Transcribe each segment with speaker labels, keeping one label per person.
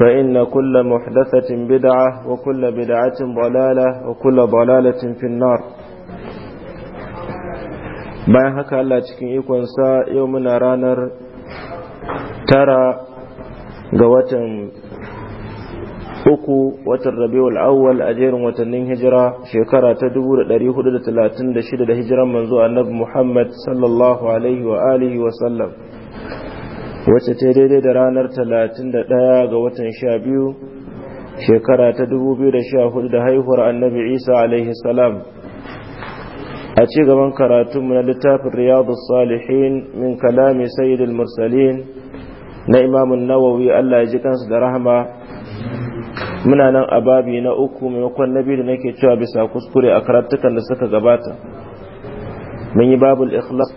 Speaker 1: فإن كل محدثة بدعة وكل بدعة ضلالة وكل ضلالة في النار bayan haka Allah cikin ikonsa yau muna ranar tara ga watan uku watan rabiul awwal a jerin watannin hijira shekara ta 1436 da hijiran manzo annabi Muhammad sallallahu alaihi wa alihi wa sallam
Speaker 2: wacce ta daidai
Speaker 1: da ranar 31 ga watan 12 shekara ta 2014 da haihuwar annabi isa alaihi salam a ci gaban karatunmu na littafin riyadu salihin min kalami sayyidul mursalin na imamun nawawi allah ya ji kansu da rahama muna nan a babi na uku maimakon na biyu da nake cewa bisa kuskure a karatukan da suka gabata mun yi babul ikhlas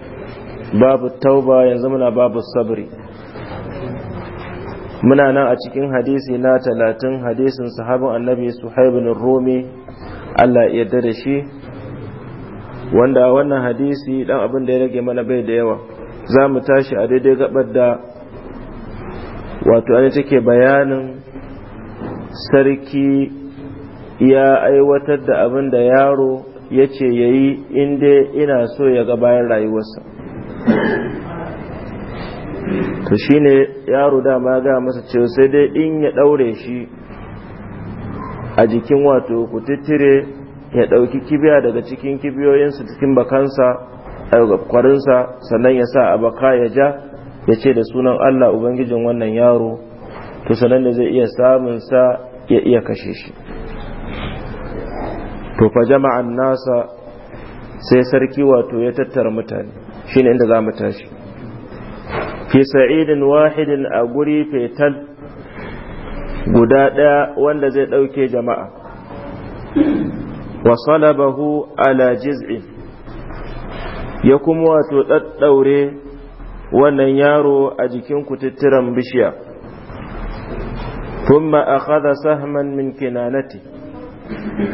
Speaker 1: babu tauba yanzu muna babu sabri muna nan a cikin hadisi na talatin hadisin sahabin annabi suhaibin rumi allah yarda da shi wanda wannan hadisi dan abin da ya rage mana bai da yawa za mu tashi a daidai gabar da wato an take bayanin sarki ya aiwatar da abin da yaro ya ce ya yi inda ina so ya ga bayan rayuwarsa to shi ne yaro dama ga masa cewa sai dai in ya daure shi a jikin wato tattire ya dauki kibiya daga cikin kibiyoyinsa cikin bakansa kwarinsa sannan ya sa a baka ya ja ya ce da sunan Allah Ubangijin wannan yaro to sannan da zai iya samun sa ya iya kashe shi to fa jama'an nasa sai sarki wato ya tattara mutane shi ne inda za mu tashi fi sa'idin wahidin a guri fetal guda ɗaya wanda zai ɗauke jama'a wa salabahu ala jiz'in ya kuma wato ɗaɗɗaure wannan yaro a jikin kututturan bishiya thumma akhadha sahman min kinanati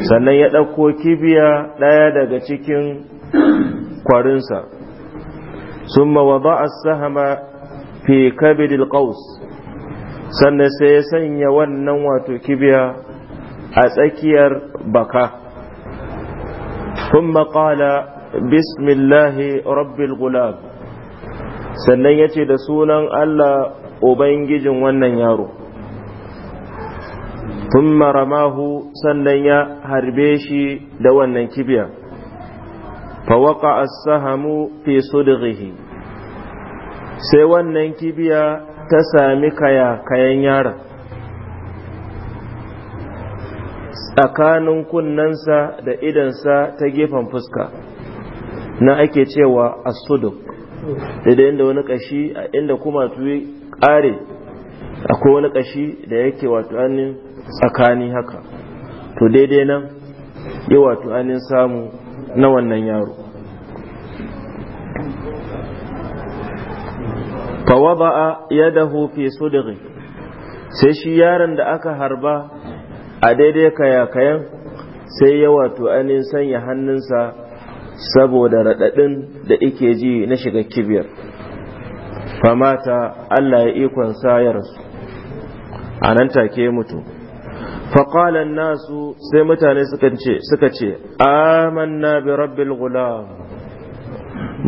Speaker 1: sannan ya ɗauko kibiya ɗaya daga cikin kwarinsa summa wada'a sahama fi kabidil qaus sannan sai ya sanya wannan wato kibiya a tsakiyar baka kuma qala bismillahi rabbil gulab sannan ya ce da sunan allah ubangijin wannan yaro kuma ramahu sannan ya harbe shi da wannan kibiya fawaka as-sahamu fi sudghihi sai wannan kibiya ta sami kaya kayan yara tsakanin kunnensa da idansa ta gefen fuska na ake cewa a sudok daidai inda wani kashi a inda kuma tuyi kare akwai wani kashi da yake wato anin tsakani haka to daidai nan yi wato anin samu na wannan yaro fa wada'a yadahu fi sai shi yaron da aka harba a daidai kayan-kayan sai ya wato ainihin sanya hannunsa saboda raɗaɗin da ike ji na shiga kibiyar famata Allah ya ikon ya rasu a nan take mutu faƙalan nasu sai mutane suka ce amanna bi rabbil gulam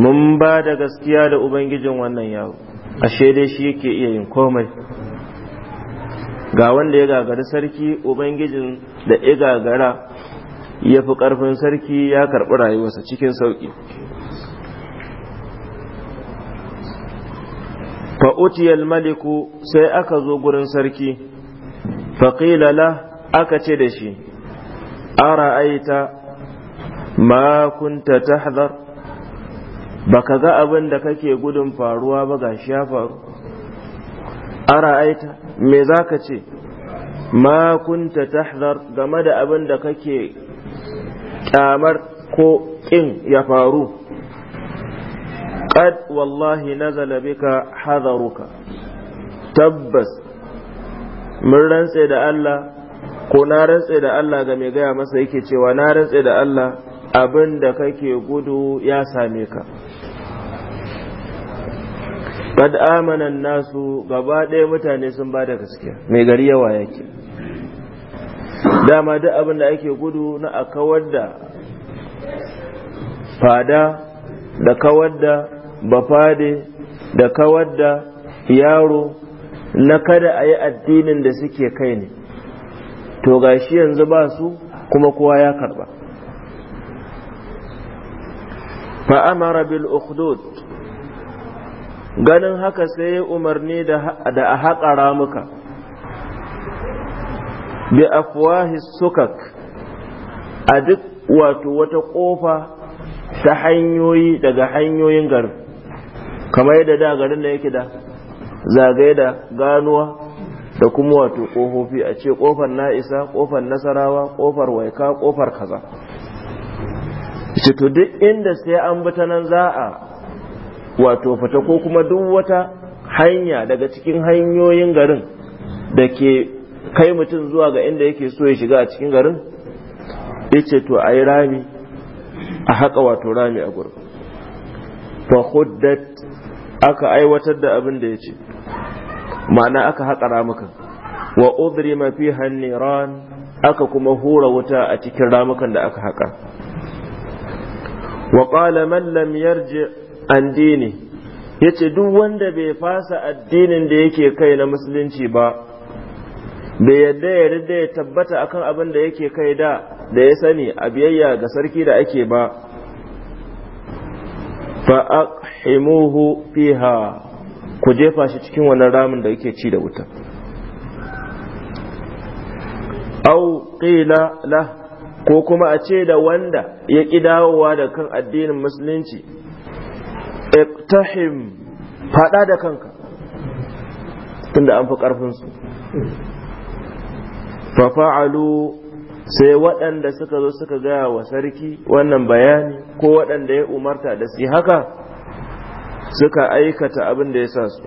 Speaker 1: mun ba da gaskiya da ubangijin wannan yaro ashe dai shi yake iya yin komai ga wanda ya gagari sarki ubangijin da ya gagara ya fi karfin sarki ya karɓi rayuwarsa cikin sauƙi fa'utiyar maliku sai aka zo gurin sarki faƙilala aka ce da shi a ra'aita ma kunta ta Ba ka ga abin da kake gudun faruwa ba ga shi ya faru ara aita me za ka ce ma kunta tahzar game da abin da kake kyamar ko ƙin ya faru qad wallahi nazala bika hadaruka tabbas mun rantse da Allah ko na rantse da Allah ga mai gaya masa yake cewa na rantse da Allah abin da kake gudu ya same ka qad amana nasu gaba ɗaya mutane sun bada da gaskiya mai gari yawa yake dama duk abin da ake gudu na a kawar da fada da kawar da bafade da kawar da yaro na kada a yi addinin da suke kai ne to gashi yanzu ba su kuma kowa ya karba fa'amara bil ukhdud ganin haka sai ya umarni da a haƙa ramuka bi afwahi sukak a duk wato wata ƙofa ta hanyoyi daga hanyoyin garin kamar yadda da garin da yake da zagaye da ganuwa da kuma wato ƙofofi a ce ƙofar na'isa ƙofar nasarawa ƙofar waika ƙofar kaza ce duk inda sai an bi ta nan za a wato fita ko kuma duk wata hanya daga cikin hanyoyin garin da ke kai mutum zuwa ga inda yake so ya shiga a cikin garin ya ce to a yi rami a haka wato rami a gurin aka aiwatar da abin da ya ce ma'ana aka haƙa ramukan wa udri mafi hanniran aka kuma hura wuta a cikin ramukan da aka haƙa wa qala man lam addini yace ya ce duk wanda bai fasa addinin da yake kai na musulunci ba bai yadda ya rida ya tabbata akan abin da yake kai da da ya sani a biyayya ga sarki da ake ba fa'ahimuhu fiha ku jefa shi cikin wannan ramin da yake ci da wuta au qila la ko kuma a ce da wanda ya ƙi dawowa da kan addinin musulunci iqtahim fada da kanka tunda an fi fafa'alu sai waɗanda suka zo suka gaya wa sarki wannan bayani ko waɗanda ya umarta da su haka suka aikata abin da ya sa su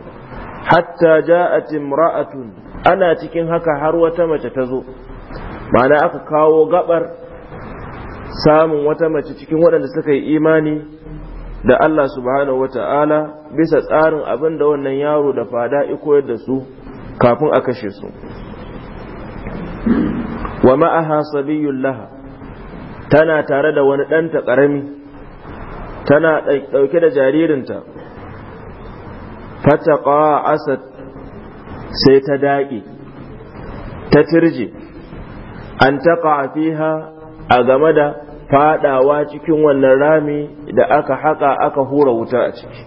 Speaker 1: hatta ja'at imra'atun ana cikin haka har wata mace ta zo ma'ana aka kawo gabar samun wata mace cikin waɗanda suka yi imani da Allah subhanahu wa ta'ala bisa tsarin abin da wannan yaro da fada koyar da su kafin a kashe su wa ma'aha sabiyyun laha tana tare da wani ɗanta ƙarami tana ɗauke da jaririnta fataqa asad sai ta daƙi ta tirje an taƙa a fiha a game da fadawa cikin wannan rami da aka haka aka hura wuta a ciki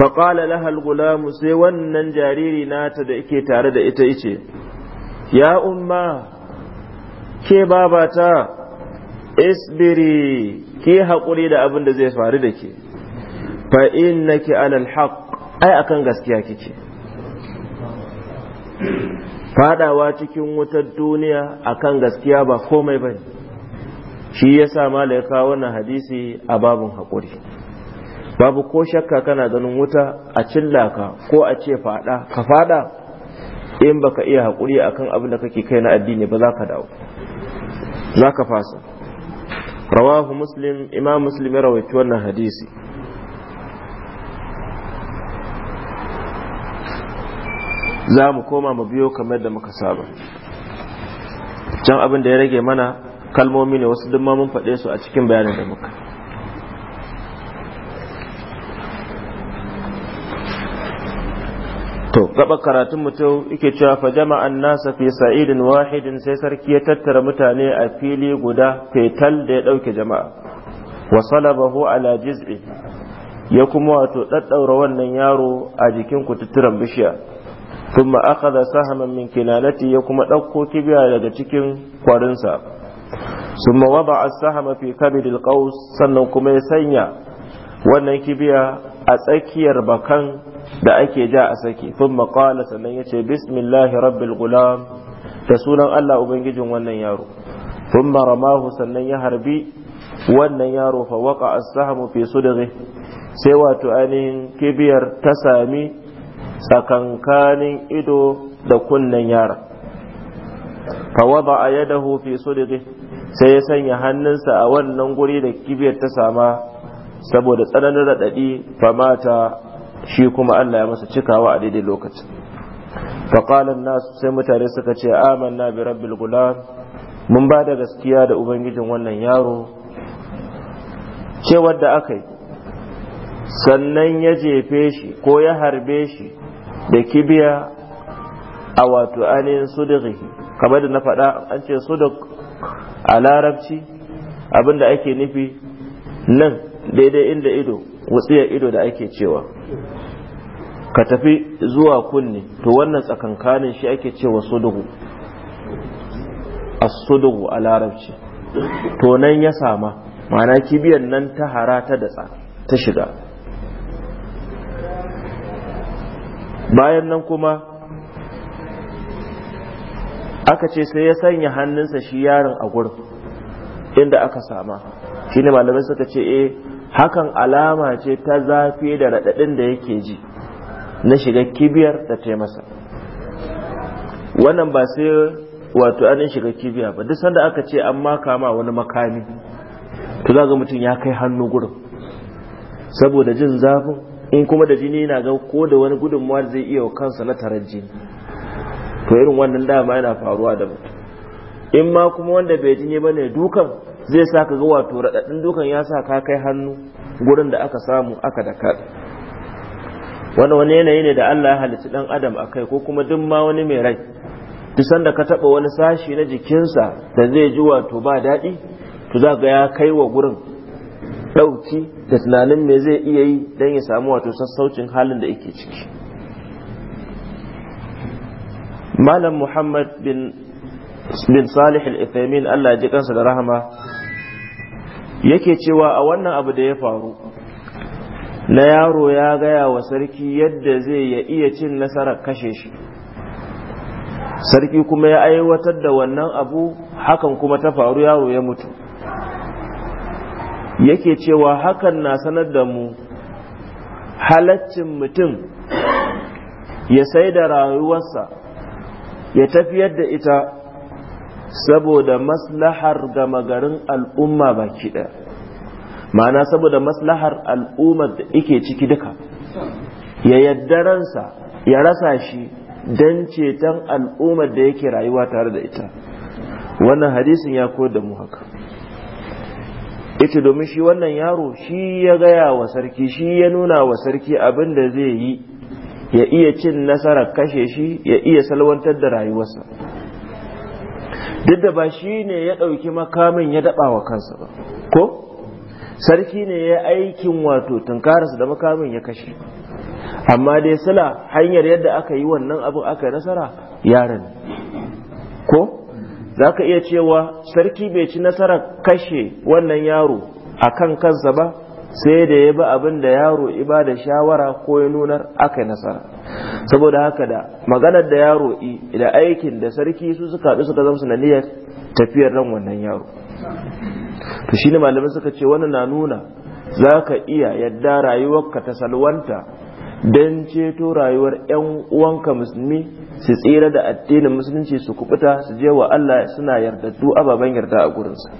Speaker 1: faƙala lahal gulamu sai wannan jariri nata da yake tare da ita ice ya umma ke babata isbiri ke haƙuri da abin da zai faru da ke fa innaki alal ai akan gaskiya kike fadawa cikin wutar duniya akan gaskiya ba komai bane shi ya sa mala ya kawo wannan hadisi a babun haƙuri babu ko shakka kana ganin wuta a laka ko a ce fada ka fada in baka iya haƙuri akan abin da kake kai na addini ba za ka dawo za ka fasa rawahu muslim imam muslim ya rawaici wannan hadisi za mu koma mu biyo kamar da muka saba can abin da ya rage mana kalmomi ne wasu dumma mun faɗe su a cikin bayanin da muka to gaba karatun mutum yake cewa fa jama'an nasa fi sa'idin wahidin sai sarki ya tattara mutane a fili guda fetal da ya ɗauke jama'a wa salabahu ala jiz'i ya kuma wato ɗaɗɗaura wannan yaro a jikin kututturen bishiya ثم أخذ سهما من ya يكما ɗauko kibiya daga cikin kwarinsa ثم وضع السهم في كبد القوس سنن كما sannan kuma ya sanya wannan kibiya a tsakiyar bakan da ake ja a saki sun qala sannan yace bismillahi rabbil gulam da sunan Allah ubangijin wannan yaro thumma ramahu sannan ya harbi wannan yaro fa a as fi sudghi sai wato ainihin kibiyar ta sami tsakankanin ido da kunnen yara fa wada yadahu fi sudghi sai ya sanya hannunsa a wannan guri da kibiyar ta sama saboda tsananin raɗaɗi mata shi kuma Allah ya masa cikawa a daidai lokacin faƙalan nasu sai mutane suka ce amanna bi rabbil gulam mun ba da gaskiya da ubangijin wannan yaro cewar da aka yi sannan ya jefe shi ko ya harbe shi da kibiya a wato ainihin sudughi kamar da na faɗa an ce suduk a larabci abinda ake nufi nan daidai inda ido wutsiyar ido da ake cewa ka tafi zuwa kunne to wannan tsakankanin shi ake cewa sudugu a sudugu a larabci to nan ya sama mana kibiyan nan ta hara ta datsa ta shiga bayan nan kuma aka ce sai ya sanya hannunsa shi yaron a gurin inda aka sama shine malamai suka ce eh hakan alama ce ta zafi da raɗaɗin da yake ji na shiga kibiyar da ta masa wannan ba sai wato anin shiga kibiya ba duk sanda aka ce an maka ma wani makami to za ga mutum ya kai hannu gurin saboda jin zafin in kuma da jini na ga ko da wani gudunmawa zai iya kansa na tarar jini to irin wannan dama yana faruwa da mutum in ma kuma wanda bai jinye ba ne dukan zai sa ka ga wato raɗaɗin dukan ya sa ka kai hannu gurin da aka samu aka da ka wani wani yanayi ne da Allah ya halicci dan adam a kai ko kuma duk ma wani mai rai duk sanda ka taɓa wani sashi na jikinsa da zai ji wato ba daɗi to za ga ya kai wa gurin ɗauki da tunanin me zai iya yi don ya samu wato sassaucin halin da yake ciki malam muhammad bin bin salih al ithamin Allah ya ji kansa da rahama yake cewa a wannan abu da ya faru na yaro ya gaya wa sarki yadda zai ya iya cin nasarar kashe shi sarki kuma ya aiwatar da wannan abu hakan kuma ta faru yaro ya mutu yake cewa hakan na sanar da mu halaccin mutum ya sai da rayuwarsa ya tafiyar da ita saboda maslahar gama garin al'umma baki ɗaya ma'ana saboda maslahar al'ummar da ike ciki duka ya yadda ransa ya rasa shi don ceton al'ummar da yake rayuwa tare da ita wannan hadisin ya koyar da mu haka ita domin shi wannan yaro shi ya gaya wa sarki shi ya nuna wa sarki abin da zai yi ya iya cin nasarar kashe shi ya iya salwantar da rayuwarsa duk da ba shi ne ya ɗauki makamin ya daɓa wa kansa ba ko sarki ne ya aikin wato tunkararsa da makamin ya kashe amma dai sila hanyar yadda aka yi wannan abin aka yi nasara yaron ko za ka iya cewa sarki bai ci nasarar kashe wannan yaro a kan kansa ba sai da ya bi abin da yaro iba da shawara ko ya nunar aka yi nasara saboda haka da maganar da yaro i da aikin da sarki su suka haɗu suka zama sananiyar tafiyar ran wannan yaro to ne malamai suka ce wani na nuna za ka iya yadda rayuwarka ta salwanta don ceto rayuwar 'yan uwanka musulmi su tsira da addinin musulunci su kubuta su je wa Allah suna yardaddu ababen yarda a gurinsa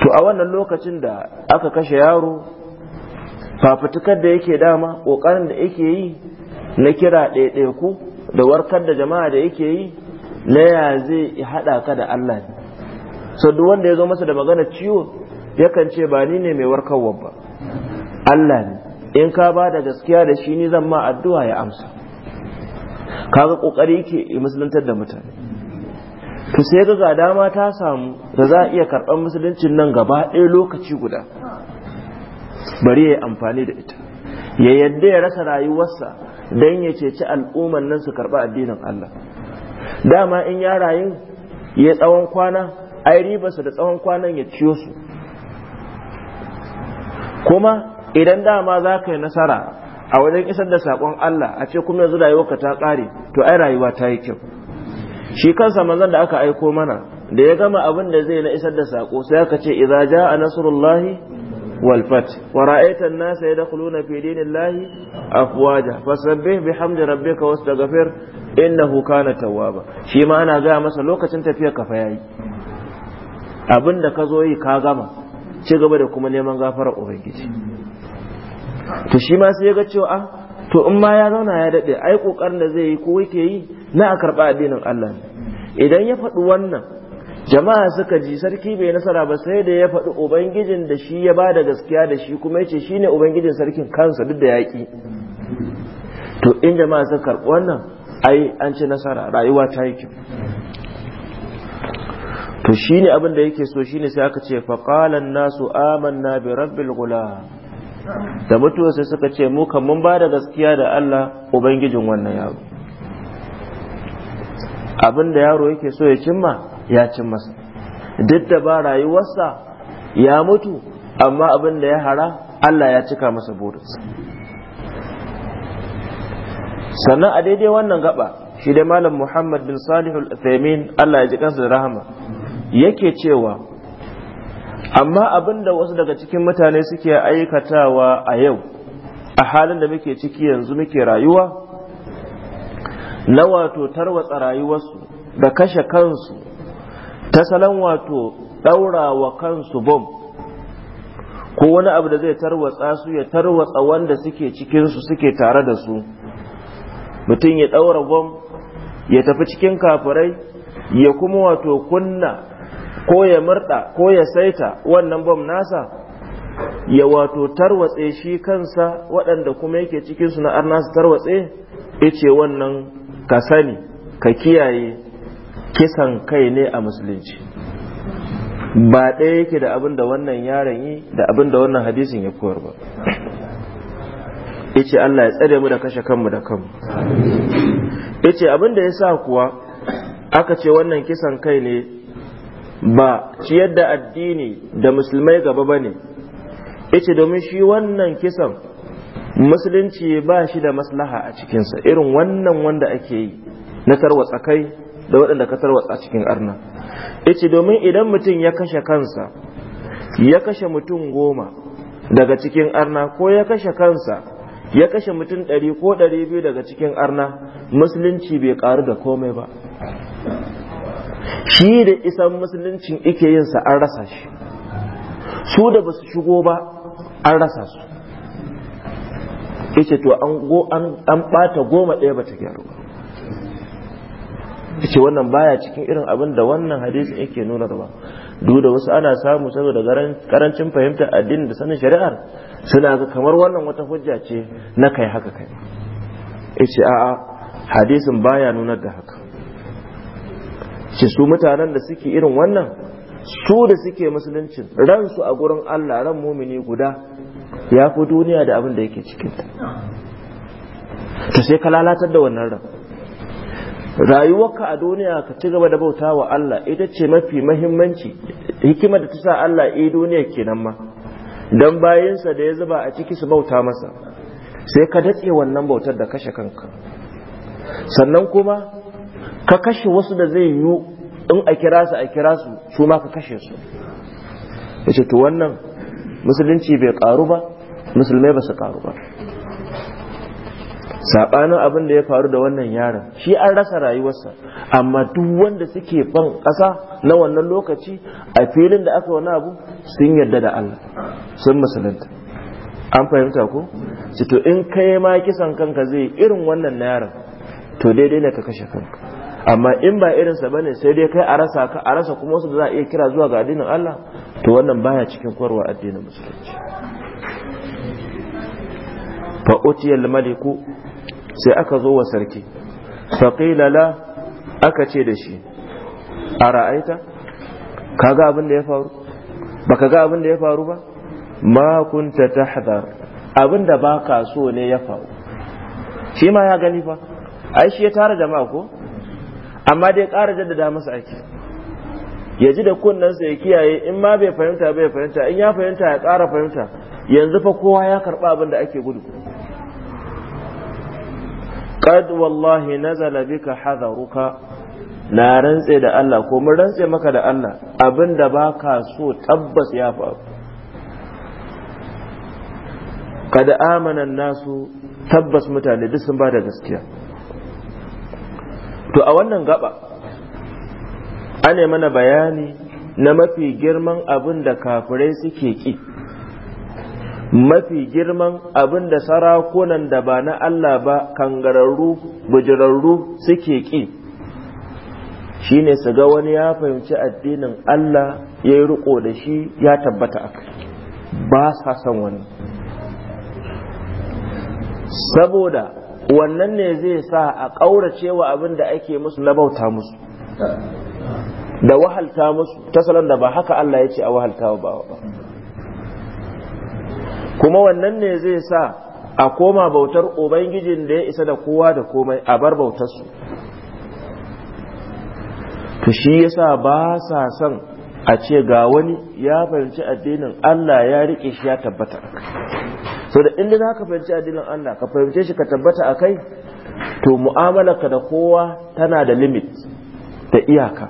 Speaker 1: to a wannan lokacin da aka kashe yaro fafutukar da yake dama ƙoƙarin da yake yi na kira ɗaiɗaiku da warkar da jama'a da yake yi na ya zai haɗa ka da Allah ne duk wanda ya zo masa da magana ciwo yakan ce ba ni ne mai warkarwa ba Allah ne in ka ba da gaskiya da shi ni zan ma addu'a ya amsa kaga ƙoƙari ke musuluntar da mutane to sai ga dama ta samu da za a iya karɓar musuluncin nan gaba ɗaya lokaci guda bari ya yi amfani da ita ya yadda ya rasa rayuwarsa don ya ceci al'umman nan su karɓi addinin Allah dama in ya rayu ya tsawon kwana a yi ribarsa da tsawon kwanan ya ciyo su kuma idan dama za ka yi nasara a wajen isar da saƙon Allah a ce kuma yanzu rayuwarka ta ƙare to ai rayuwa ta yi kyau shi kansa manzon da aka aiko mana da ya gama abin da zai na isar da sako sai aka ce idza jaa nasrullahi wal fath wa ra'aita an-nasa yadkhuluna fi dinillahi afwaja fasabbih bihamdi rabbika wastaghfir innahu kana tawwaba shi ma ana gaya masa lokacin tafiyar ka fa yayi abin da ka zo yi ka gama ci gaba da kuma neman gafarar ubangiji to shi ma sai ya ga cewa ah, to in ma ya zauna ya dade ai kokarin da zai yi ko yake yi na a karɓa addinin Allah idan ya faɗi wannan jama'a suka ji sarki bai nasara ba sai da ya faɗi ubangijin da shi ya ba da gaskiya da shi kuma yace shine shi ubangijin sarkin kansa duk da yaki, to in jama'a suka karɓi wannan ai an ci nasara rayuwa ta yi kyau to shi abin da yake so shine ne sai aka ce faƙalan nasu amanna bi rabbil gula da mutuwa sai suka ce mu kan mun ba da gaskiya da Allah ubangijin wannan yaro abin da yaro yake so ya cimma ya cimma duk da ba rayuwarsa ya mutu amma abin ya hara Allah ya cika masa burinsa sannan a daidai wannan gaba shi dai malam Muhammad bin Salihul Uthaymeen Allah ya ji kansa da rahama yake cewa amma abinda wasu daga cikin mutane suke aikatawa a yau a halin da muke ciki yanzu muke rayuwa na wato tarwatsa rayuwarsu da kashe kansu ta salon wato ɗaura wa kansu bom ko wani abu da zai tarwatsa su ya tarwatsa wanda suke cikinsu suke tare da su mutum ya ɗaura bom ya tafi cikin kafirai ya kuma wato kunna ko ya murɗa ko ya saita wannan bom nasa ya wato tarwatse shi kansa waɗanda kuma yake cikinsu na arna su tarwatse ice wannan ka sani ka kiyaye kisan kai ne a musulunci ba ɗaya yake da abin da wannan yaron yi da abin da wannan hadisin ya koyar ba Ice Allah ya tsare mu da kashe kanmu da kanmu Ice abin da ya sa kuwa aka ce wannan kisan kai ne ba ciyar da addini da musulmai gaba ba ne Ice domin shi wannan kisan musulunci ba shi da maslaha a cikinsa irin wannan wanda ake yi na tarwatsa kai da waɗanda ka tarwatsa cikin arna ice domin idan mutum ya kashe kansa ya kashe mutum goma daga cikin arna ko ya kashe kansa ya kashe mutum ɗari ko ɗari biyu daga cikin arna musulunci bai ƙaru da komai ba shi da isan musuluncin ike yinsa an rasa shi su da ba su shigo ba an rasa su yace to an go bata goma ɗaya bata gyaru ba yace wannan baya cikin irin abin da wannan hadisin yake nuna ba duk da wasu ana samu saboda karancin fahimtar addini da sanin shari'ar suna ga kamar wannan wata hujja ce na kai haka kai yace a'a hadisin baya nunar da haka ce su mutanen da suke irin wannan su da suke musuluncin ransu a gurin Allah ran mumini guda ya fi duniya da abin da yake cikinta Ta sai ka lalatar da wannan ran rayuwarka a duniya ka ci gaba da bauta wa Allah ita ce mafi mahimmanci hikima da ta sa Allah eh duniya kenan ma dan bayansa da ya zuba a ciki su bauta masa sai ka datse wannan bautar da kashe kanka sannan kuma ka kashe wasu da zai yiwu in a kira su a kira su su ma ka kashe su ce to wannan musulunci bai karu ba musulmai ba su karu ba sabanin abin da ya faru da wannan yaron shi an rasa rayuwarsa amma duk wanda suke ban ƙasa na wannan lokaci a filin da aka wani abu sun yadda da Allah sun musulunta an fahimta ko to in kai ma kisan kanka zai irin wannan na yaron to daidai ne ka kashe kanka amma in ba irinsa ba ne sai dai kai a rasa ka a rasa kuma wasu da za a iya kira zuwa ga addinin Allah to wannan baya cikin kwarwa addinin musulunci fa utiyal maliku sai aka zo wa sarki fa qila la aka ce da shi a ra'aita kaga abin da ya faru baka ga abin da ya faru ba ma kunta tahdhar abin da baka so ne ya faru shi ma ya gani fa ai shi ya tara jama'a ko amma dai ƙara jaddada masa ake ya ji da kunnensa ya kiyaye in ma bai fahimta bai fahimta in ya fahimta ya ƙara fahimta yanzu fa kowa ya karɓa abin da ake gudu qad wallahi nazala bika hadaruka na rantse da Allah ko mun rantse maka da Allah abin da baka so tabbas ya faru kada amanan nasu tabbas mutane duk sun ba da gaskiya to a wannan gaba yi mana bayani na mafi girman abin da kafirai suke ki mafi girman abin da sarakunan da ba na Allah ba kangararru bujirarru suke ki, shi ne su ga wani ya fahimci addinin Allah ya yi riko da shi ya tabbata aka ba sa son wani saboda wannan ne zai sa a ƙaurace wa abin da ake musu na bauta musu da wahalta musu ta da ba haka Allah ya ce a wahalta ba kuma wannan ne zai sa a koma bautar ubangijin da ya isa da kowa da komai a bar bautarsu to shi yasa ba sa son a ce ga wani ya fahimci addinin Allah ya riƙe shi ya tabbata so da inda za ka fahimci addinin Allah ka fahimce shi ka tabbata a kai to mu'amalarka da kowa tana da limit da iyaka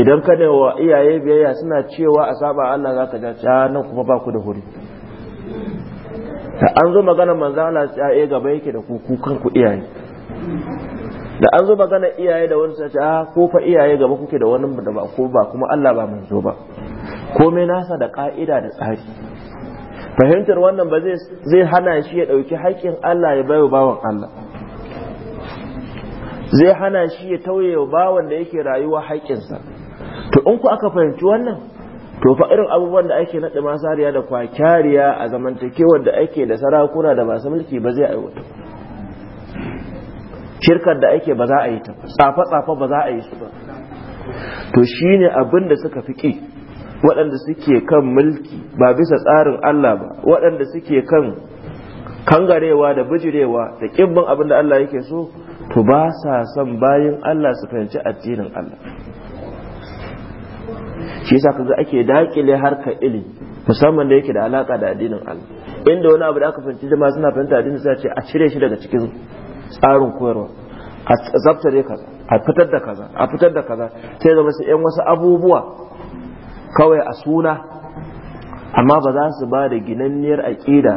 Speaker 1: idan ka wa iyaye biyayya suna cewa a saba Allah za ka ja ah, nan kuma ba ku da huri da an zo magana manzo Allah ya ah, eh, gaba yake da ku kanku iyaye da an zo magana iyaye da wani sace a ah, ko fa iyaye gaba kuke da wani da ba ko ba kuma Allah ba manzo ba komai nasa da ka'ida da tsari fahimtar wannan ba zai hana shi ya ɗauki haƙƙin Allah ya bayo bawan Allah zai hana shi ya tauye wa bawan da yake rayuwa haƙƙinsa to in ku aka fahimci wannan to fa irin abubuwan da ake naɗa masariya da kwakyariya a zamantakewar da ake da sarakuna da masu mulki ba zai aiwata shirkar da ake ba za a yi ta tsafa-tsafa ba za a yi su ba to shine abin da suka fi ƙi waɗanda suke kan mulki ba bisa tsarin Allah ba waɗanda suke kan kangarewa da bijirewa da ƙibbin abin da Allah yake so to ba sa son bayan Allah su fahimci addinin Allah shi yasa kaga ake dakile harkar ilimi musamman da yake da alaka da addinin Allah inda wani abu da aka fahimci jama'a suna fahimta addinin sai ce a cire shi daga cikin tsarin koyarwa a tsabtare kaza a fitar da kaza a fitar da kaza sai zama sai yan wasu abubuwa kawai a suna amma ba za su ba da ginanniyar aƙida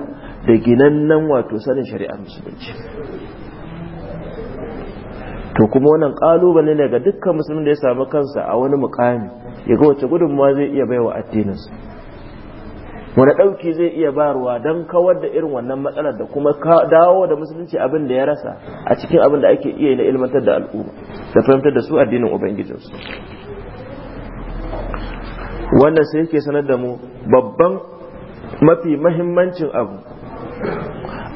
Speaker 1: da ginannan wato sanin shari'ar musulunci to kuma wannan ƙalubale ne ga dukkan musulmin da ya samu kansa a wani mukami ya ga wace gudunmawa zai iya baiwa addininsa wani ɗauki zai iya barwa don kawar da irin wannan matsalar da kuma dawo da musulunci abin da ya rasa a cikin abin da ake iya yi na ilmantar da al'umma da fahimtar da su addinin ubangijinsu Wannan sai yake sanar da mu babban mafi mahimmancin abu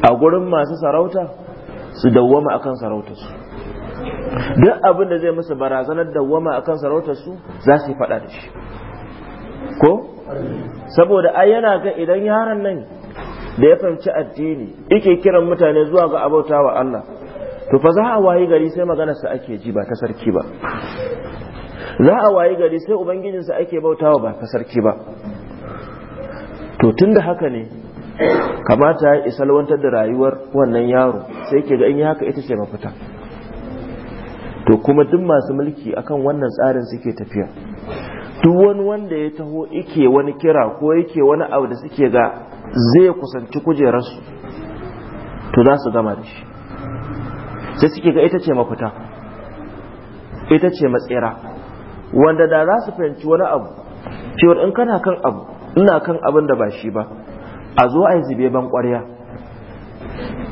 Speaker 1: a gurin masu sarauta su dawwama akan sarautarsu duk abin da zai musu barazanar dawwama akan sarautarsu za su yi fada da shi ko saboda ai yana ga idan yaron nan da ya fahimci addini yake kiran mutane zuwa ga abauta wa Allah to fa za a wayi gari sai maganarsa ake ji ba ta sarki ba za a wayi gari sai ubangijinsa ake bautawa ba ta sarki ba to tun da haka ne kamata ya isalwantar da rayuwar wannan yaro sai ke ga in yi haka ita ce mafita to kuma duk masu mulki akan wannan tsarin suke tafiya duk wani wanda ya taho ike wani kira ko yake wani abu da suke ga zai kusanci kujerarsu to za su gama da shi sai suke ga ita ce mafita ita ce matsira wanda da za su fahimci wani abu cewar in kana kan abu ina kan abin da ba shi ba a zo a yi zube ban ƙwarya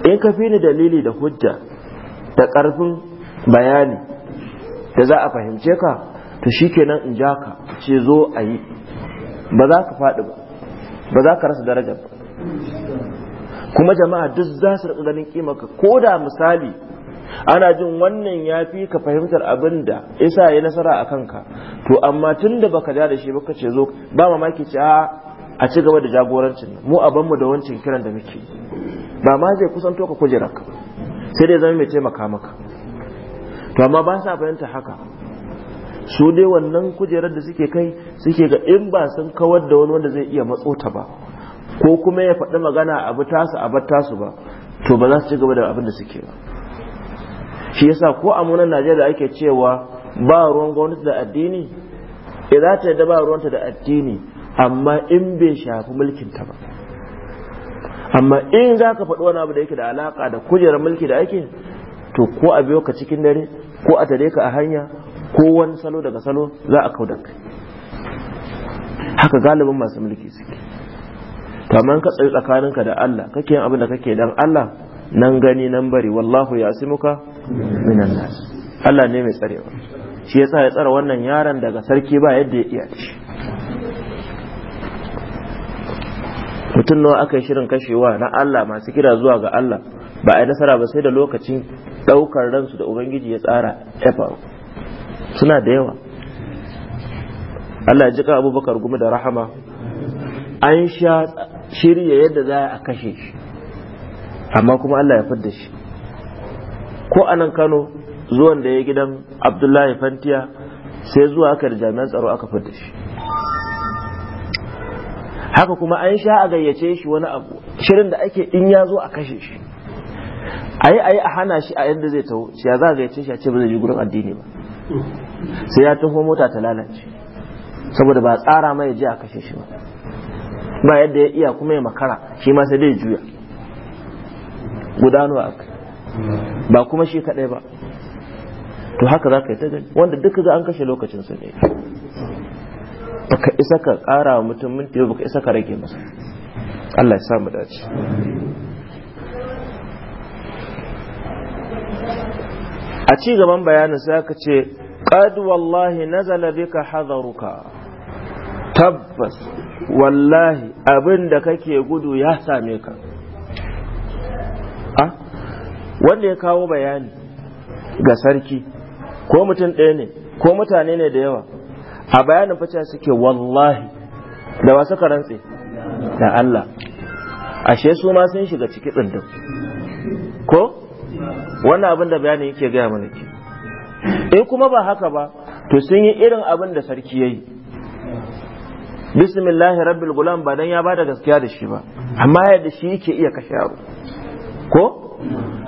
Speaker 1: in ka fi ni dalili da hujja da ƙarfin bayani da za a fahimce ka to shi kenan in ja ka ce zo a yi ba za ka faɗi ba ba za ka rasa darajar ba kuma jama'a duk za su ganin kimaka ko da misali ana jin wannan ya fi ka fahimtar abin da isa ya nasara a kanka to amma tun da baka ja da shi baka ce zo ba mamaki ce a ci gaba da jagorancin mu a mu da wancan kiran da muke ba ma zai kusanto ka kujerar sai dai zama mai taimaka maka to amma ba sa fahimta haka su dai wannan kujerar da suke kai suke ga in ba sun kawar da wani wanda zai iya matso ta ba ko kuma ya faɗi magana abu tasu a batasu tasu ba to ba za su ci gaba da abin da suke ba shi yasa ko a munan najeriya da ake cewa ba ruwan gwamnati da addini e za ta yadda ba ruwanta da addini amma in bai shafi mulkin ta ba amma in za ka faɗi wani abu da yake da alaƙa da kujerar mulki da ake to ko a biyo ka cikin dare ko a tare ka a hanya ko wani salo daga salo za a kau da kai haka galibin masu mulki suke to amma ka tsaye tsakaninka da Allah kake yin abin da kake dan Allah nan gani nan bari wallahu ya
Speaker 2: minan nas
Speaker 1: Allah ne mai tsarewa shi yasa ya tsara wannan yaron daga sarki ba yadda ya iya shi mutum nawa aka yi shirin kashewa na Allah masu kira zuwa ga Allah ba a yi nasara ba sai da lokacin ɗaukar ransu da ubangiji ya tsara ya suna da yawa Allah ya jika abubakar gumi da rahama an sha shirya yadda za a kashe shi amma kuma Allah ya fadda shi ko a nan kano zuwan da ya yi gidan abdullahi fantiya sai zuwa aka da jami'an tsaro aka fita shi haka kuma an sha a gayyace shi wani abu shirin da ake in ya zo a kashe shi a yi a hana shi a yadda zai taho shi ya za a gayyace shi a ce ba zai gurin addini ba sai ya taho mota ta lalace saboda ba tsara mai ji a kashe shi ba ba yadda ya iya kuma ya makara shi ma sai dai juya gudanuwa akai ba kuma shi kadai ba to haka za ka yi ta wanda duka za an kashe lokacin su ne baka isa ka kara wa mutum minti ba baka isa ka rage masa Allah ya samu dace a ci gaban bayanin sai aka ce qad wallahi nazala bika hadaruka tabbas wallahi abin da kake gudu ya same ka wanda ya kawo bayani ga sarki ko mutum ɗaya ne ko mutane ne da yawa a bayanin faca suke wallahi da wasu karantse da Allah ashe su ma sun shiga ciki tsindin ko wannan abin da bayanin yake gaya mana ke E, kuma ba haka ba to sun yi irin abin da sarki ya yi bismillahi rabbil gulam ba dan ya bada gaskiya da shi ba amma yadda shi yake iya kashe ko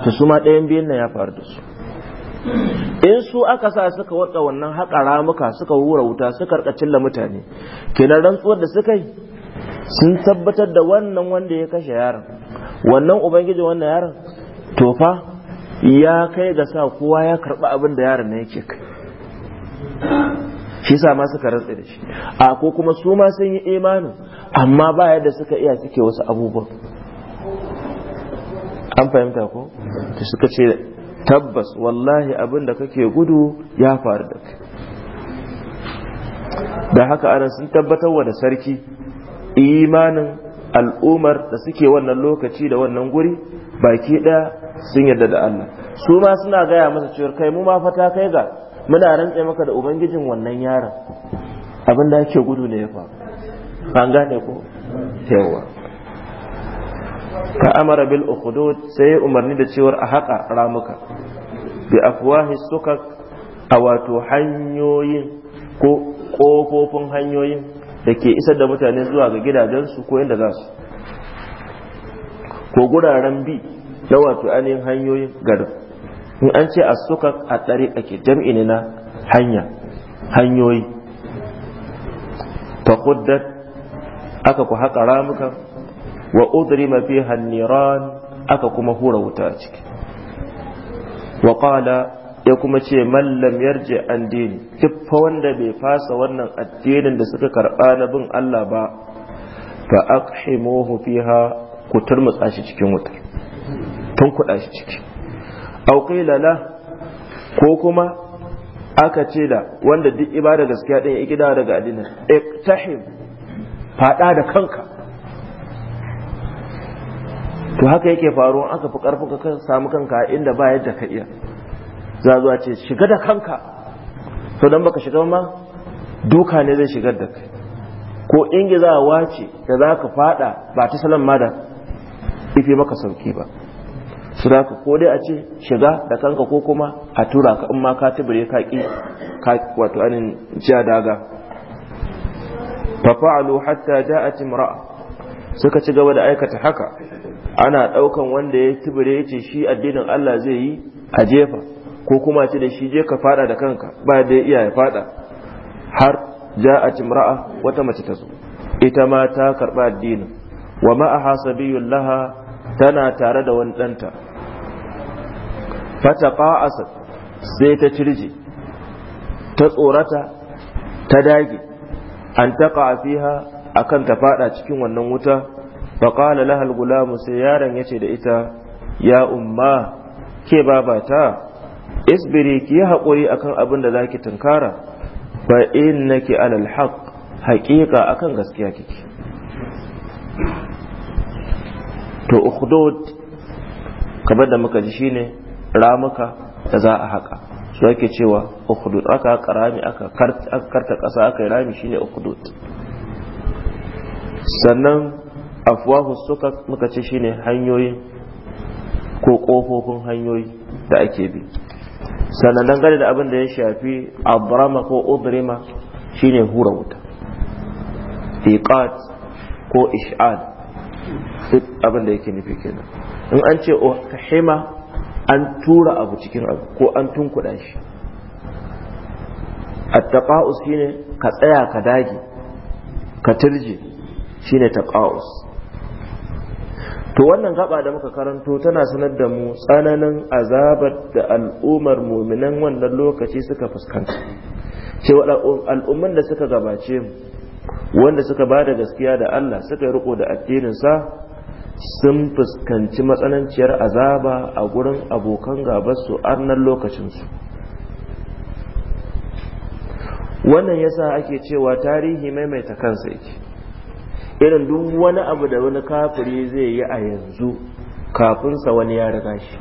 Speaker 1: to su ma ɗayan biyun nan ya faru da su in su aka sa suka watsa wannan haƙa ramuka suka hura wuta suka rika cilla mutane kenan rantsuwar da suka yi sun tabbatar da wannan wanda ya kashe yaron wannan ubangiji wannan yaron to fa ya kai ga sa kowa ya karɓi abin da yaron na yake kai shi sa ma suka rantsa da shi a ko kuma su ma sun yi imanin amma ba yadda suka iya suke wasu abubuwan an fahimta ko ta suka ce tabbas wallahi abin da kake gudu ya faru da kai da haka ana sun tabbatar wa da sarki imanin al'umar da suke wannan lokaci da wannan guri baki ɗaya sun yarda da Allah su ma suna gaya masa cewar kai mu ma fata kai ga muna rantse maka da ubangijin wannan yaron abin da ake gudu ne ya faru an gane ko yawa ka amara bil ukhudud sai umarni da cewar a haƙa ramuka bi afwahi sukak a wato hanyoyin ko ƙofofin hanyoyin da ke isar da mutane zuwa ga gidajensu ko inda za su ko guraren bi na wato ainihin hanyoyin garin in an ce suka a tsari ake jam'i ne na hanya hanyoyi ta faƙuddar aka ku haƙa ramukan wa udrima fiha an aka kuma hura wuta a ciki wa qala ya kuma ce mallam yarje an dini duk fa wanda bai fasa wannan addinin da suka karɓa na bin Allah ba fa aqhimuhu fiha ku turmutsa shi cikin wuta tun kuɗa shi ciki au qila ko kuma aka ce da wanda duk ibada gaskiya din ya kida daga addinin iqtahim fada da kanka to haka yake faruwa aka fi karfin ka samu kanka inda ba yadda ka iya za zuwa ce shiga da kanka to dan baka shiga ma duka ne zai shigar da kai ko ingizawa wace da za ka fada ba ta salon ma da ife maka sauki ba su da ko dai a ce shiga da kanka ko kuma a tura ka in ma ka tibire ka ki ka wato anin jiya daga fa fa'alu hatta ja'at imra'a suka ci gaba da aikata haka ana ɗaukan wanda ya tubure ya shi addinin Allah zai yi a jefa ko kuma ce da shi je ka fada da kanka ba da iya ya fada har ja a cimra'a wata mace ta zo ita ma ta karba addinin wa ma'aha sabiyun laha tana tare da wani ɗanta fata ƙa'asa sai ta cirje ta tsorata ta dage an taƙa a fiha akan ta fada cikin wannan wuta faƙala lahal gulamu sai yaron ya ce da ita ya umma ke babata isbiri ki yi haƙuri akan abin da zaki tunkara fa innaki alal haq haƙiƙa akan gaskiya kike to ukhdud kamar da muka ji shine ramuka da za a haƙa su ake cewa ukhdud aka haƙa aka karta ƙasa aka yi rami shine ukhdud sannan afwahu suka muka ce shine hanyoyin ko kofofin hanyoyi da ake bi sannan dangane da abin da ya shafi abrama ko udrima shine hura wuta iqat ko ish'ad duk abin da yake nufi kenan in an ce o kahima an tura abu cikin abu ko an tunkuɗa shi attaqa'us shine ka tsaya ka dage ka tirje shine taqa'us to wannan gaba da muka karanto tana sanar da mu tsananin azabar da al'ummar muminan wannan lokaci suka fuskanta cewa al'umman da suka gabace mu wanda suka ba da gaskiya da Allah suka riko da addininsa sun fuskanci matsananciyar azaba a gurin abokan gabarsu arnan lokacinsu wannan yasa ake cewa tarihi maimaita kansa yake irin duk wani abu da wani kafiri zai yi a yanzu kafinsa wani ya riga shi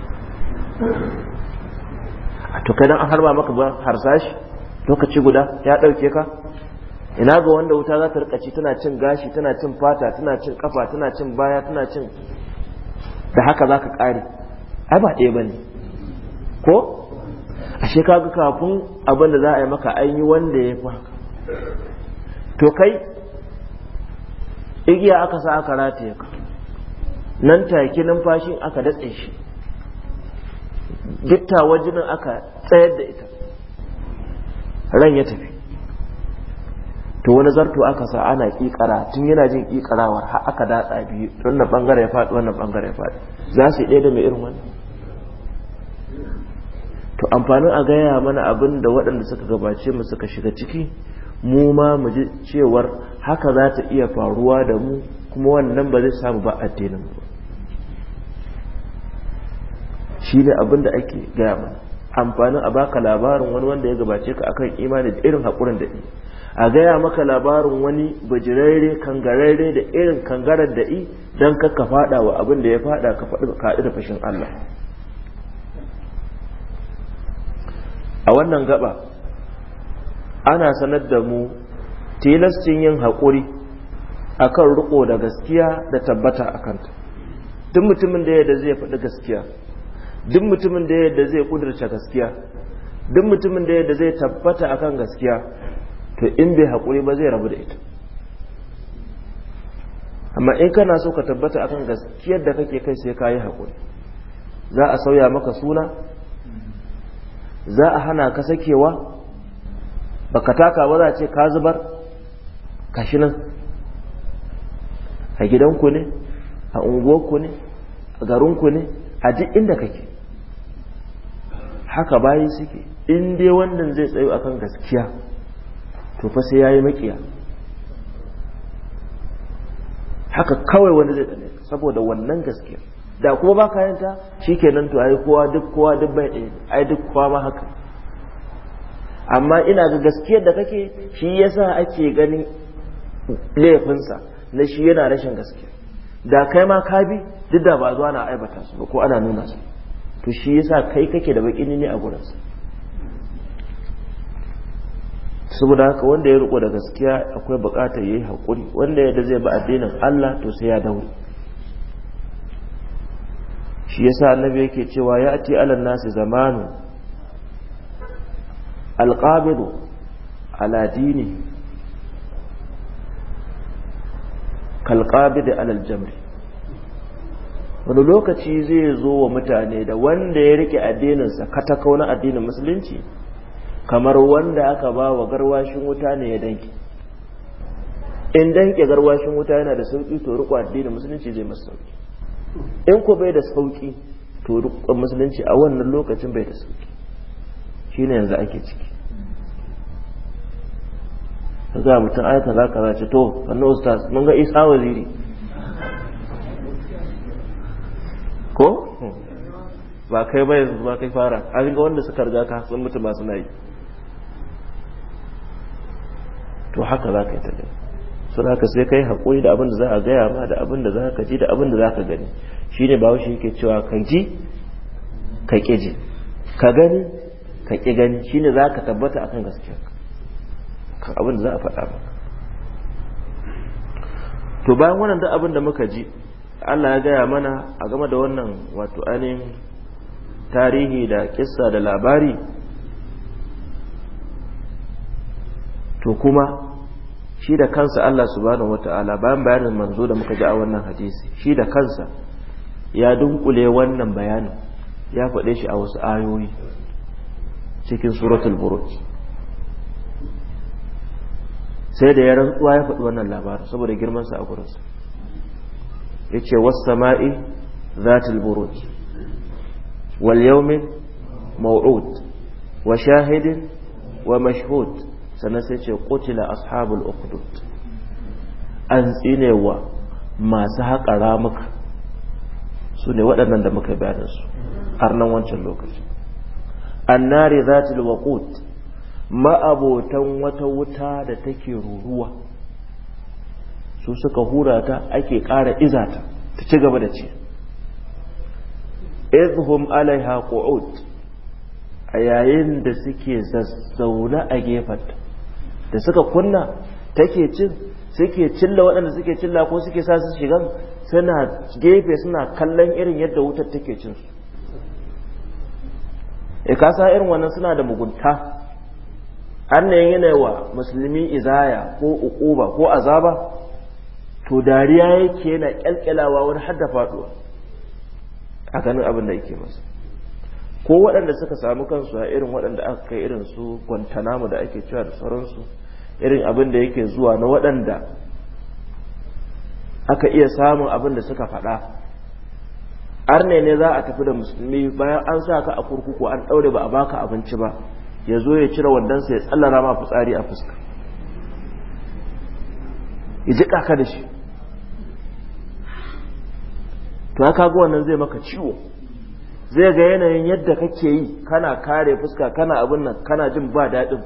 Speaker 1: a tukadan an harba maka ba harsashi lokaci guda ya ɗauke ka ina ga wanda wuta za ta rikaci tana cin gashi tana cin fata tana cin kafa tana cin baya tana cin da haka za ka ƙare ai ba ɗaya ba ne ko ashe kaga kafin abin da za a yi maka an yi wanda ya fi haka to kai igiya aka sa aka rataye ka nan take numfashi aka datse shi gittawa jinin aka tsayar da ita ran ya tafi to wani zarto aka sa ana kikara tun yana jin kikarawar har aka datsa biyu wannan bangare ya faɗi wannan bangare ya faɗi za su ɗaya da mai irin wannan to amfanin a gaya mana abin da waɗanda suka gabace mu suka shiga ciki mu ma mu ji cewar haka za ta iya faruwa da mu kuma wannan ba zai samu ba addinin mu shi ne abin da ake gaya amfanin a baka labarin wani wanda ya gabace ka akan imani da irin haƙurin da a gaya maka labarin wani bajirarre kangararre da irin kangarar da i don kaka fada wa abin da ya fada ka faɗi da fashin Allah a wannan gaba ana sanar da mu tilastin yin haƙuri kan riƙo da gaskiya da tabbata a kanta duk mutumin da yadda zai faɗi gaskiya duk mutumin da yadda zai ƙudurta gaskiya duk mutumin da yadda zai tabbata a kan gaskiya to in bai haƙuri ba zai rabu da ita amma in kana so ka tabbata a kan gaskiyar da kake kai sai ka yi haƙuri za a sauya maka suna za a hana ka sakewa baka taka ba za a ce ka zubar kashi nan a gidanku ne a unguwarku ne a garinku ne a duk inda kake haka bayan suke in dai wannan zai tsayo akan gaskiya to fa sai yayi makiya haka kawai wani zai tsaye saboda wannan gaskiya da kuma ba kayanta nan to ai kowa duk kowa duk bai ai duk kowa ma haka amma ina ga gaskiyar da kake shi yasa ake ganin laifinsa na shi yana rashin gaskiya da kai ma ka bi duk da ba zuwa na aibata su ba ko ana nuna su to shi yasa kai kake da baki ne a gurinsa saboda haka wanda ya riko da gaskiya akwai bukatar yayi hakuri wanda ya da zai ba addinin Allah to sai ya dawo shi yasa annabi yake cewa ya ati alannasi zamanu دينه كالقابض على الجمر wani lokaci zai zo wa mutane da wanda ya rike addininsa katakau na addinin musulunci kamar wanda aka ba wa garwashin wuta ne ya danki in danke garwashin wuta yana da sauki to riko addinin musulunci zai masu sauki in ku bai da sauki to riko musulunci a wannan lokacin bai da sauki ne yanzu ake ciki ta za mutum ai zaka kaza ce to sannan ustaz mun ga isa waziri ko ba kai ba yanzu ba kai fara an ga wanda suka riga ka sun mutu masu na yi to haka za ka yi ta gani sun haka sai kai haƙuri da abin da za a gaya ma da abin da za ka ji da abin da za ka gani shi ne ba wasu yake cewa kan ji ka ƙi ji ka gani ka ƙi gani shi ne za ka tabbata akan gaskiya kan abin da za a faɗa ba to bayan wannan duk abin da muka ji Allah ya gaya mana a game da wannan wato ainihin tarihi da kissa da labari to kuma shi da kansa Allah subhanahu wata'ala bayan bayanin manzo da muka ji a wannan hadisi shi da kansa ya dunkule wannan bayanin ya faɗe shi a wasu ayoyi cikin suratul buruj sai da ya rantsuwa ya faɗi wannan labarin saboda girmansa a gurinsa ya ce wasu sama'i zatul buruj wal yaumin maw'ud wa shahidin wa mashhud sannan sai ce kutila ashabul ukhdud an tsinewa masu haƙa ramuka su ne waɗannan da muka bayanin su har nan wancan lokaci annari zatil waqut ma'abotan wata wuta da take ruruwa su suka hura ta ake ƙara izata ta ci gaba da ce izhum alaiha qu'ud a yayin da suke zazzauna a gefen da suka kunna take cin suke cilla waɗanda suke cilla ko suke sa su shigan suna gefe suna kallon irin yadda wutar take cinsu e sa irin wannan suna da mugunta annayin yana wa musulmi izaya ko ukuba ko azaba to dariya yake yana kyalkyalawa wani hadda faduwa a ganin abin da yake masa ko waɗanda suka samu kansu a irin waɗanda aka kai irin su guantanamo da ake cewa da sauransu irin abin da yake zuwa na waɗanda aka iya samun abin da suka faɗa arne ne za a tafi da musulmi bayan an sa ka a kurkuku an ɗaure ba a baka abinci ba ya zo ya cire ya tsallara ma fitsari a fuska ya ji kaka da shi to ya kago wannan zai maka ciwo zai ga yanayin yadda kake yi kana kare fuska kana abin nan kana jin ba daɗin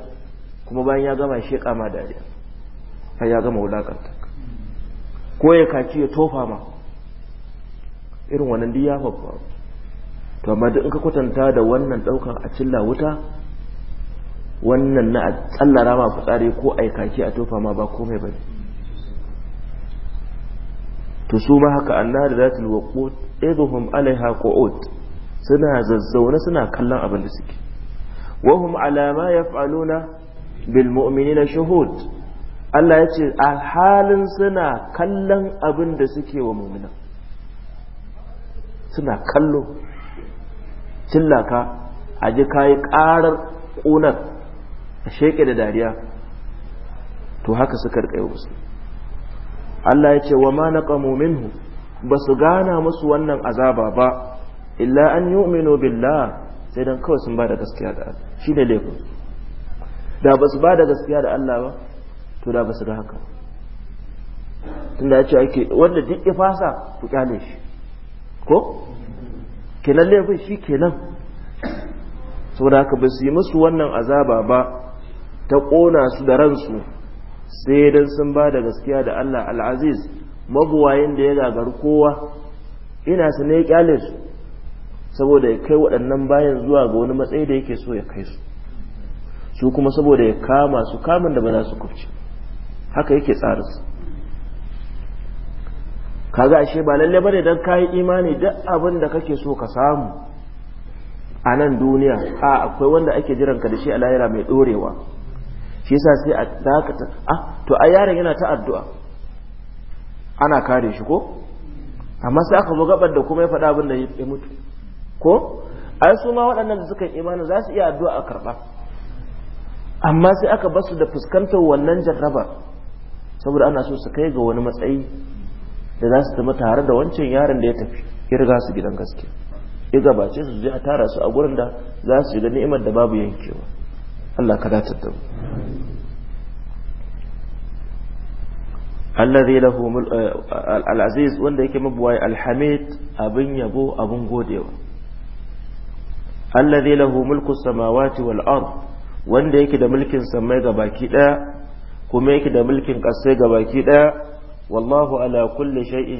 Speaker 1: kuma bayan ya gama shi kama dariya ya gama wulakanta ko ya kaci ya tofa ma irin wannan diya ya to amma duk in ka kwatanta da wannan daukan a cilla wuta wannan na a tsallara ma fitsari ko a kaki a tofa ma ba komai ba to su ma haka da zatul waqut idhum alaiha qu'ud suna zazzaune suna kallon abin da suke wa hum ala ma yaf'aluna bil mu'minina shuhud Allah ya ce a halin suna kallon abin da suke wa mu'mina suna kallo ka a ji kayi karar kunar a sheke da dariya to haka suka riƙa wasu Allah ya ce wa ma na minhu ba su gana musu wannan azaba ba illa an yi umino billah sai don kawai sun ba da gaskiya da Allah shi ne laifin da ba su ba da gaskiya da Allah ba to da ba su ga haka tunda ya ce ake wanda duk ya fasa ku kyale shi ko kenan laifin shi kenan saboda haka ba su yi musu wannan azaba ba ta ƙona su da ransu sai dan sun ba da gaskiya da Allah al'aziz magwayin da ya gagar kowa ina su ne kyale su saboda ya kai waɗannan bayan zuwa ga wani matsayi da yake so ya kai su su kuma saboda ya kama su kamun da ba za su kufce haka yake tsarinsu kaga ashe ba lalle bane dan kai imani duk abin da kake so ka samu a nan duniya a akwai wanda ake jiran ka da shi a lahira mai dorewa shi yasa sai a dakata ah to a yaron yana ta addu'a ana kare shi ko amma sai aka buga da kuma ya faɗa abin da ya mutu ko ai su ma waɗannan da suka yi imani za su iya addu'a a karɓa amma sai aka basu da fuskantar wannan jarrabar saboda ana so su kai ga wani matsayi da za su tafi tare da wancan yaron da ya tafi ya su gidan gaske ya gabace su je tara su a gurin da za su yi da ni'imar da babu yankewa Allah ka datar da mu allazi lahu eh, al-aziz wanda yake mabuwa al-hamid abin yabo abin godewa allazi lahu mulku samawati wal ard wanda yake da mulkin samai
Speaker 2: baki daya kuma yake da mulkin kasai baki ɗaya. والله على كل شيء